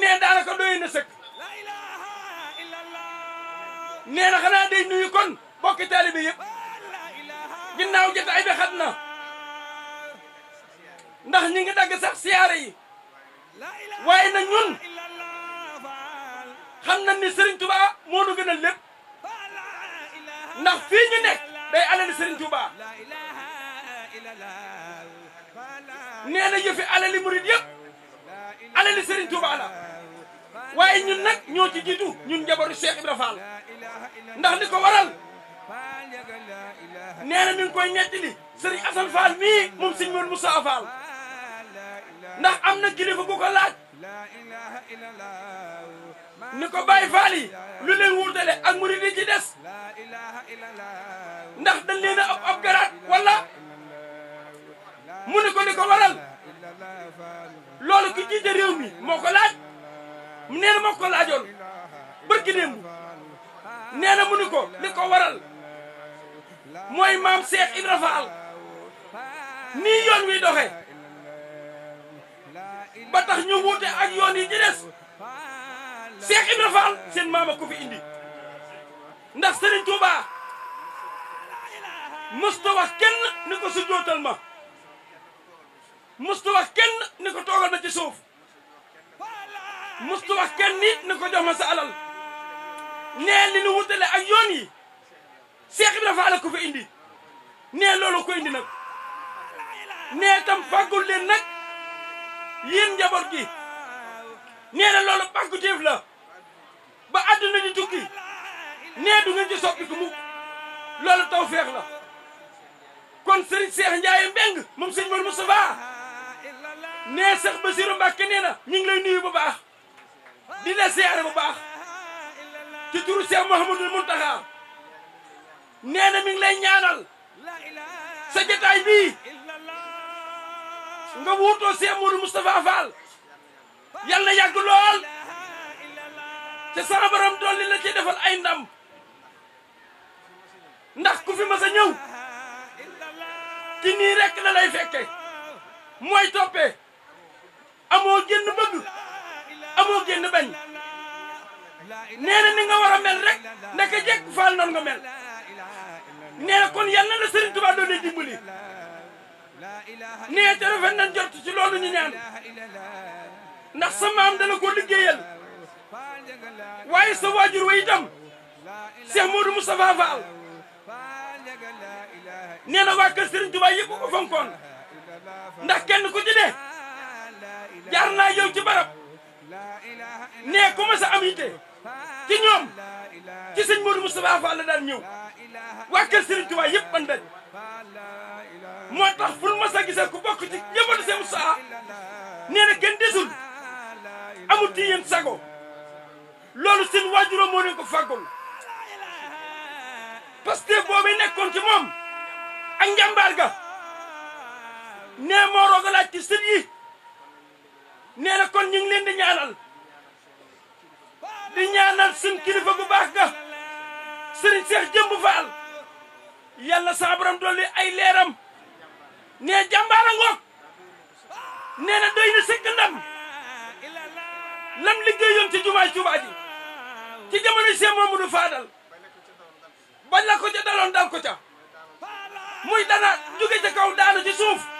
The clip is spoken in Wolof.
nee daanaka doy na sëkk nee na xanaa day nuyu kon bokki taalibe yëpp ginnaaw jotaay bi xat na ndax ñi ngi sax siyaare yi waaye ñun xam ni Serigne Touba moo nu gënal lépp ndax fii ñu day alali Serigne Touba nee na yëfi alali murid yëpp. alali Serigne Touba la waaye ñun nag ñoo ci jiitu ñun njabootu Cheikh Ibra Fall ndax li ko waral nee na koy nettali Serigne Assane Fall mii moom Serigne Modou ndax am na kilifa bu ko laaj ni ko Baye Fall lu leen wuutale ak murid yi des ndax dañ leen a ab ab garaat wala mu ni ko li ko waral. loolu ki jiite réew mi moo ko laaj nee na moo ko laajoon bërki démb mu ni ko li ko waral mooy maam Cheikh Ibra Fall nii yoon wi doxe ba tax ñu wuute ak yoon yi ci des Cheikh seen maama ko fi indi ndax Serigne Touba mësta wax ni ko su ma musta wax kenn ni ko toogal na ci suuf musta kenn nit ni ko jox ma sa alal nee li nu wutale ak yoon yi Seex Ibra Faal ko fa indi nee loolu ko indi nag nee tam fàggul leen nag yéen njaboot gi nee na loolu pàggu téef la ba àdduna di tukki nee du ngeen ci soppiku mukk loolu taw feex la kon sëriñ Seex Njaaye Mbeng moom sëñ Mor Moustapha nee sax Basiru Mbàkke nee na ñu ngi lay nuyu bu baax di la siyaare bu baax ci turu Seex Muhammadul Muntaxa nee na mi lay ñaanal sa jotaay bii nga wuutoo Seex Moodu Moustapha Fall yal na yàgg lool te sama dolli la ci defal ay ndam ndax ku fi mas a ñëw ci nii rekk la lay fekke mooy toppee mel noonu nga nee kon yàlla na Serigne Touba doon lay nee te rafet jot ci loolu ñu ñaan ndax sa maam dana ko liggéeyal waaye sa waajur wa itam Cheikh Modou Moustapha Fall nee na waa kër Serigne Touba yëpp ko fonkoon ndax kenn ku ci ne naa yow ci barab nee ku ma am yitte ci ñoom ci sëñ Modou Moustapha Fall la daan ñëw waa kër Serigne Touba yëpp man moo tax pour mas a gisee ku bokk ci njabootu seen Moustapha nee na kenn desul amul ci sago loolu seen waajuróom moo leen ko fàggul parce que boobu nekkoon ci moom ak ga nee moo roog a ci sët yi kon ñu ngi leen di ñaanal di ñaanal suñ kilifa bu baax ga sëriñ Cheikh Jëmb Faal yàlla sa dolli ay leeram nee jàmbaara ngoog nee na doy na sëkk ndam lam liggéeyoon ci jumaay Tuubaa ci jamono Cheikh Mamadou Fadal bañ la ko ca daloon dal ko ca muy dana jóge ca kaw daanu ci suuf